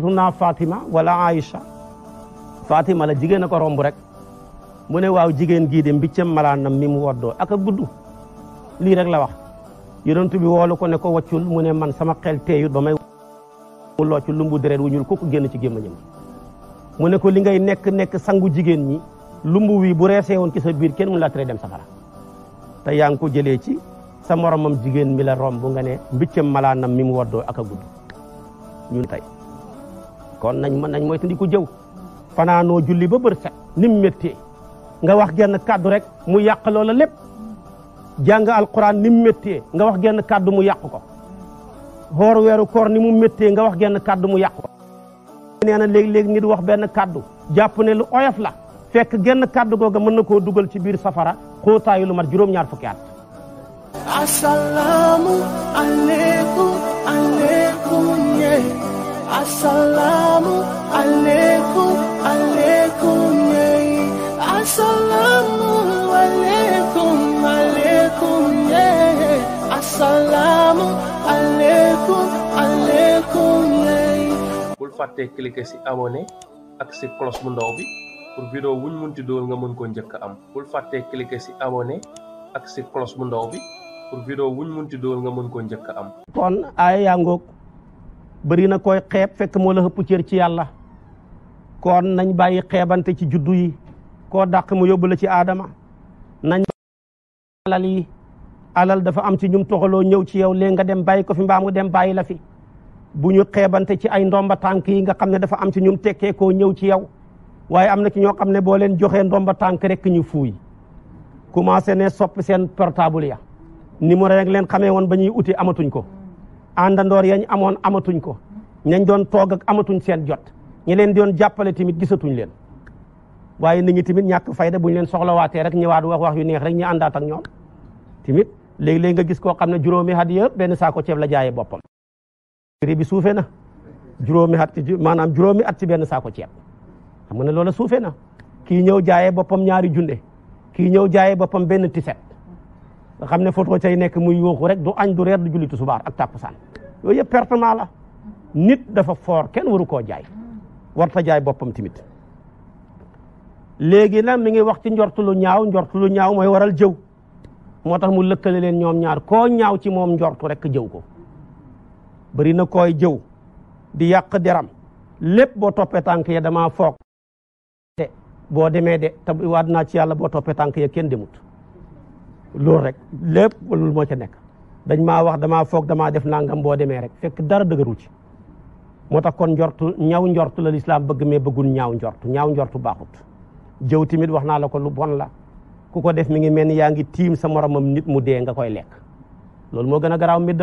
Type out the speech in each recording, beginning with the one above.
naa Fatima wala Aïcha Fatima la jigéen ko romb rek mu ne waaw jigéen gii de mbiccam malaanam mi mu woddoo ak a gudd lii rek la wax yonent bi woolu ko ne ko waccul mu ne man sama xel teeyut ba may mu locc lumbu deret wu ñuul kooku génn ci gémmañam mu ne ko li ngay nekk nekk sangu jigéen ñi lumbu wii bu reesee woon ci sa biir kenn mu la tere dem safara te yaa ngi ko jëlee ci sa moromam jigéen mi la romb nga ne mbiccam malaanam mi mu woddoo ak a gudd kon nañ mën nañ moytandiku jëw fanaanoo julli ba bër set nim metti nga wax genn kaddu rek mu yàq loola lepp jang alquran nim metti nga wax genn kaddu mu yàq ko hor weeru kor ni mu metti nga wax genn kaddu mu yàq ko neena leg leg nit wax ben kaddu japp ne lu oyaf la fekk genn kaddu goga mën nako duggal ci bir safara xóotaayu lu mar juróom-ñaar fukki at assalamu alaykum alaykum ye assalamu fàttee cliquer si abonné ak si cloche bu ndaw bi pour vidéo wuñ munti door nga mën ko njëkk am bul fàttee cliquer si abonné ak si cloche bu ndaw bi pour vidéo wuñ munti door nga mën ko njëkk am kon ay yaa ngoog bëri na koy xeeb fekk mo la hëpp ciir ci yàlla kon nañ bàyyi xeebante ci juddu yi ko dàq mu yóbbu la ci aadama nañ alal yi alal dafa am ci ñum toxaloo ñëw ci yow nga dem bàyyi ko fi mbaamu dem bàyyi la fi bu ñu xeebante ci ay ndomba tànk yi nga xam ne dafa am ci ñum tekkee koo ñëw ci yow waaye am na ci ñoo xam ne boo leen joxee ndomba tànk rek ñu fuuy commencé ne soppi seen portable ya numéro rek leen xamee woon ba ñuy uti amatuñ ko àndandoor yañ amoon amatuñ ko ñañ doon toog ak amatuñ seen jot ñi leen doon jàppale tamit gisatuñ leen waaye nit ñi tamit ñàkk fayda bu ñu leen soxlawaatee rek ñëwaat wax wax yu neex rek ñu àndaat ak ñoom tamit léegi-léegi nga gis koo xam ne juróomi at yëpp benn saako ceeb la jaayee boppam Kiri bi suufee na mi hati maanaam juróomi at ci benn saako ceeb xam nga ne loola na ñaari junde kii ñëw jaayee boppam benn tiset nga ne photo cay nekk muy yooxu rek du añ du reer du julli tusubaar ak tàkkusaan yooyu yëpp pertement la nit dafa foor kenn waru koo jaay warta jaay boppam timit Legi na mi ngi wax ci jor lu ñaaw njortu lu ñaaw waral jëw moo mu lëkkale leen ñoom ñaar ñaaw ci rek ko bëri na koy jëw di yàq deram lépp boo toppee tànk ya damaa foog de boo demee de te waat naa ci yàlla boo toppee tànk ya kenn demut loolu rek lépp loolu moo ca nekk dañ maa wax damaa foog damaa def nangam boo demee rek fekk dara dëgëru ci moo tax kon njortu ñaw njort la lislaam bëgg mee bëggul ñaaw njortu ñaaw njortu baaxut jëw tamit wax naa la ko lu bon la ku ko def mi ngi mel ni yaa ngi tiim sa moromam nit mu dee nga koy lekk loolu moo gën a garaaw mbir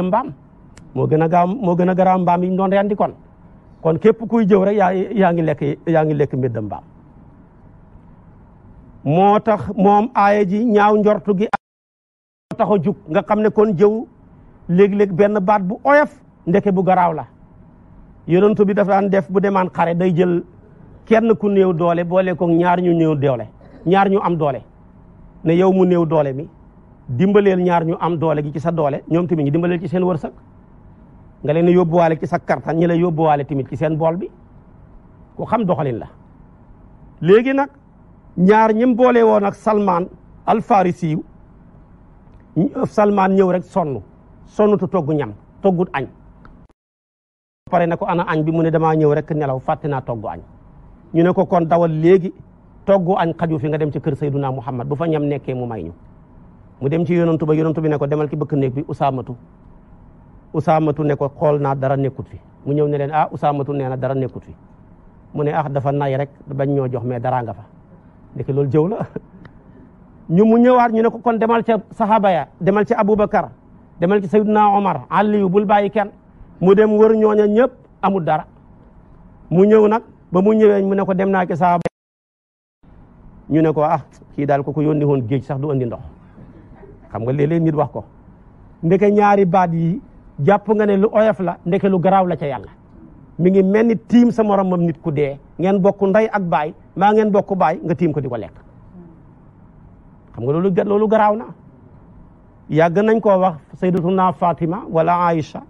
moo gën a gaaw moo gën a garaaw mbaam yi ñu doon kon kon képp kuy jëw rek yaa yaa ngi lekk yaa ngi lekk mbedd mbaam moo tax moom aaya ji ñaaw njortu gi moo tax a jug nga xam ne kon jëw léeg-léeg benn baat bu oyof ndeke bu garaaw la yonent bi dafa daan def bu demaan xare day jël kenn ku néew doole boole ko ñaar ñu néew doole ñaar ñu am doole na yow mu new doole mi dimbaleel ñaar ñu am doole gi ci sa doole ñoom tamit ñi dimbaleel ci seen wërsëg nga leen yóbbuwaale ci sa kartan ñi la yóbbuwaale tamit ci seen bool bi ku xam doxalin la léegi nag ñaar ñim boole woon nag Salman al-Farisi Salman ñëw rek sonn sonnutu togg ñam toggut añ pare ne ko ana añ bi mu ne damaa ñëw rek nelaw fàtte naa togg añ ñu ne ko kon dawal léegi togg añ xaju fi nga dem ci kër Sayyiduna Muhammad bu fa ñam nekkee mu may ñu mu dem ci yonantu ba yonantu bi ne ko demal ki bëkk néeg bi usaamatu usaamatu ne ko xool naa dara nekkut fi mu ñëw ne leen ah usaamatu nee na dara nekkut fi mu ne ah dafa nay rek bañ ñoo jox mais daraa nga fa ndeke loolu jëw la ñu mu ñëwaat ñu ne ko kon demal ca sahaba ya demal ci aboubacar demal ci sayyidina omar aliyu bul bàyyi kenn mu dem wër ñooña ñëpp amul dara mu ñëw nag ba mu ñëwee mu ne ko dem naa ci sahaba ñu ne ko ah kii daal ko ko yónni woon géej sax du andi ndox xam nga léeg-léeg nit wax ko ndeke ñaari baat yi jàpp nga ne lu oyof la ndeke lu garaaw la ca yàlla mi ngi mel ni tiim sa moromam nit ku dee ngeen bokk ndey ak baay maa ngeen bokk baay nga tiim ko di ko lekk xam nga loolu loolu garaaw na yàgg nañ koo wax sayyidatuna Fatima wala Aïcha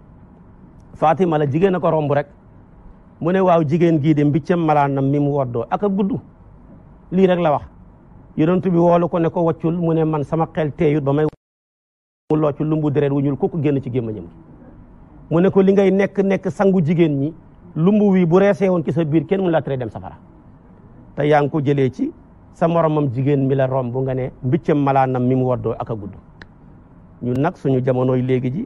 Fatima la jigéen a ko romb rek mu ne waaw jigéen gii de mbiccam malaanam mi mu woddoo ak a gudd lii rek la wax yonent bi woolu ko ne ko waccul mu ne man sama xel teeyut ba may mu locc lumbu ñuul kooku génn ci gémmañam mu ne ko li ngay nekk nekk sangu jigéen ñi lumbu wi bu reesee woon ci sa biir kenn mu laa tere dem safara te yaa ngi ko jëlee ci sa moromam jigéen mi la bu nga ne mbiccam malaanam mi mu waddoo ak a gudd ñun nag suñu jamonooy léegi ji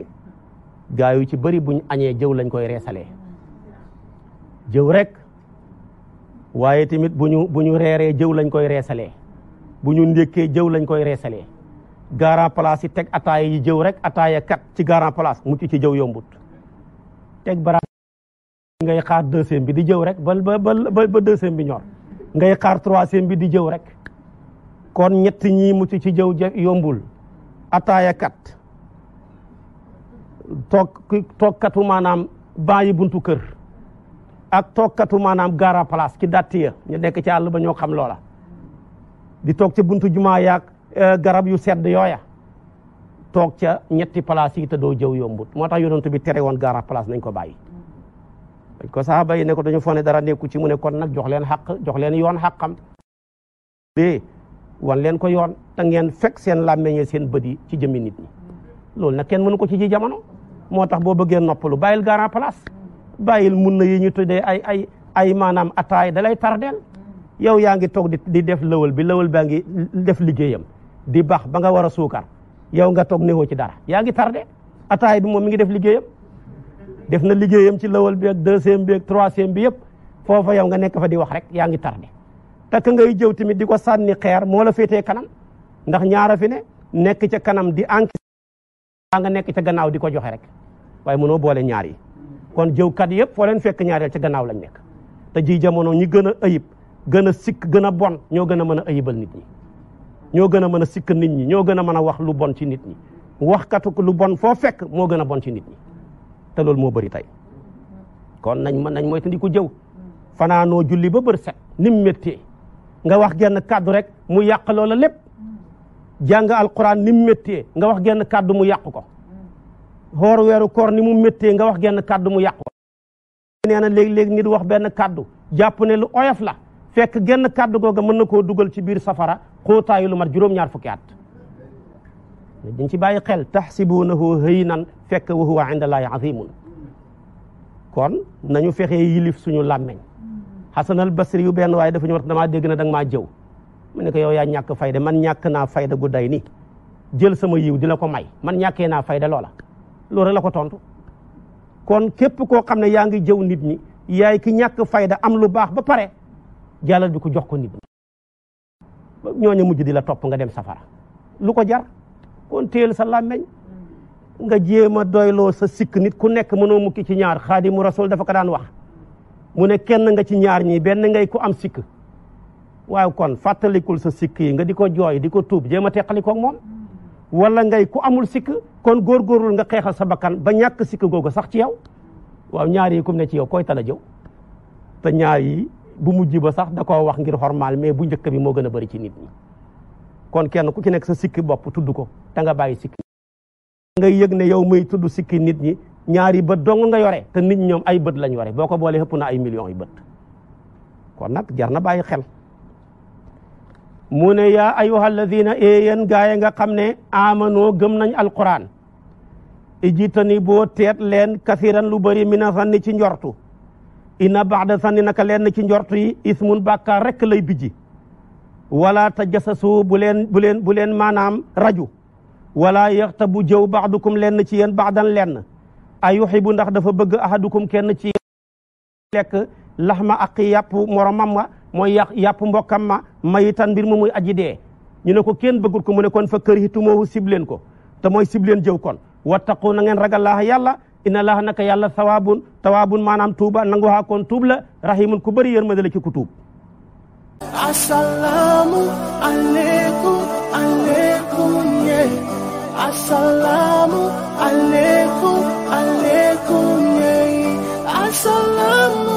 gaa yu ci bëri buñ añee jëw lañ koy reesalee jëw rek waaye tamit bu ñu bu ñu reeree jëw lañ koy reesalee bu ñu ndékkee jëw lañ koy reesalee garan place yi teg ataaya yi jëw rek ataaya kat ci garan place ci jëw yombut tek baraat ngay xaar deuxième bi di jëw rek ba ba ba ba deuxième bi ñor ngay xaar troisième bi di jëw rek kon ñet ñi mu ci jëw yombul tok tok katu manam bàyyi buntu kër ak katu manam gara place ki datti ya ñu nekk ci ba ñoo xam loola di tok ci buntu juma yak eh, garab yu sedd ya tok ca ñetti place yi te do jëw yombut motax yonent bi téré won gara place nañ ko bayyi dañ ko saxaaba yi ne ko dañu foog dara neeku ci mu ne kon nak jox leen haq jox leen yoon haqam bi wan leen ko yoon ta ngeen fek seen làmmeñe seen bëdi ci jëmi nit ñi lool nak kenn mënu ko ci ji jamono motax bo bëggee noppalu bayil gara place bayil mun na yi ñu ay ay ay manam atay dalay tardel yow yaangi tok di def leewal bi leewal baa def liggéeyam di bax ba nga wara sukar yow nga toog newoo ci dara yaa ngi tardé ataay bi moom mi ngi def liggéeyam def na liggéeyam ci lawal bi ak deuxième bi ak troisième bi yëpp foofa yow nga nekk fa di wax rek yaa ngi tardé takk ngay jëw tamit di ko sànni xeer moo la féetee kanam ndax ñaara fi ne nekk ca kanam di enquête nga nekk ca gannaaw di ko joxe rek waaye mënoo boole ñaari kon jëw kat yëpp foo leen fekk ñaareel ca gannaaw lañ nekk te ji jamono ñi gën a ayib gën a sikk gën a bon ñoo gën a mën a ayibal nit ñi ñoo gën a mën a sikk nit ñi ñoo gën a mën a wax lu bon ci nit ñi waxkatu lu bon foo fekk moo gën a bon ci nit ñi te loolu moo bëri tey kon nañ mën nañ moytandi ko jëw fanaanoo julli ba bër nim méttee nga wax genn kàddu rek mu yàq loola lépp jàng alquran nim méttee nga wax genn kàddu mu yàq ko xoor weeru koor ni mu méttee nga wax genn kàddu mu yàq ko nee na léeg nit wax benn kàddu jàpp ne lu oyof la fekk genn kàddu googa mën na koo dugal ci biir safara xóotaayu lu mat juróom-ñaar fukki at dañ ci bàyyi xel taxsibunahu haynan fekk wa huwa inda azimun kon nañu fexe yilif suñu làmmeñ hasan al basri yu benn waaye dafa ñu war dama dégg na dag maa jëw mu ne ko yow yaa ñàkk fayda man ñàkk naa fayda gu day ni jël sama yiw di ko may man ñàkkee naa fayda loola loolu la ko tontu kon képp koo xam ne yaa ngi jëw nit ñi yaay ki ñàkk fayda am lu baax ba pare jalal bi ko jox ko ndigal ñooñu mujj di la top nga dem safara lu ko jar kon téel sa làmmeñ nga jema doylo sa sik nit ku nek mëno mukki ci ñaar khadimu rasul dafa ka daan wax mu ne kenn nga ci ñaar ñi ben ngay ku am sik waaw kon fàttalikul sa sik yi nga di joy diko tuub jéem a wala ngay ku amul sik kon gorul nga xexal sa bakkan ba ñak sik gogo sax ci yow waaw ñaar yi kum ne ci yow koy tala jow te ñaar yi bu mujj ba sax da koo wax ngir xormaal mais bu njëkk bi moo gën a bëri ci nit ñi kon kenn ku ci nekk sa sikki bopp tudd ko te nga bàyyi sikki nga yëg ne yow muy tudd sikki nit ñi ñaari bët dong nga yore te nit ñoom ay bët lañ yore boo ko boolee ëpp na ay millions yi bët kon nag jar na bàyyi xel mu ne yaa ayyuha alladina e yéen gaay nga xam ne amanoo gëm nañ alquran ni boo teet leen kasiran lu bëri mina sanni ci njortu inna baxda sanni naka lenn ci njortu yi ismun bàkkaar rekk lay bijji wala tajassasu bu leen bu leen bu leen maanaam raju wala yaxta bu jëw du baxdukum lenn ci yéen baxdan leen ay bu ndax dafa bëgg ahadukum kenn ci lekk ma ak yàpp moromam ma mooy yàq yàpp mbokkam ma mayitan mbir mu muy aji dee ñu ne ko kenn bëggul ko mu ne kon fa kër hitumoohu sib sibleen ko te mooy sib jëw kon wattaqu na ngeen ragal laaha yàlla inna allaha naka yalla thawabun thawabun manam tuba nangu ha kon tubla rahimun ku bëri yërmande la ci ku tuub asalaamu alaykum aleykum ye assalamu alaykum alaykum ye assalamu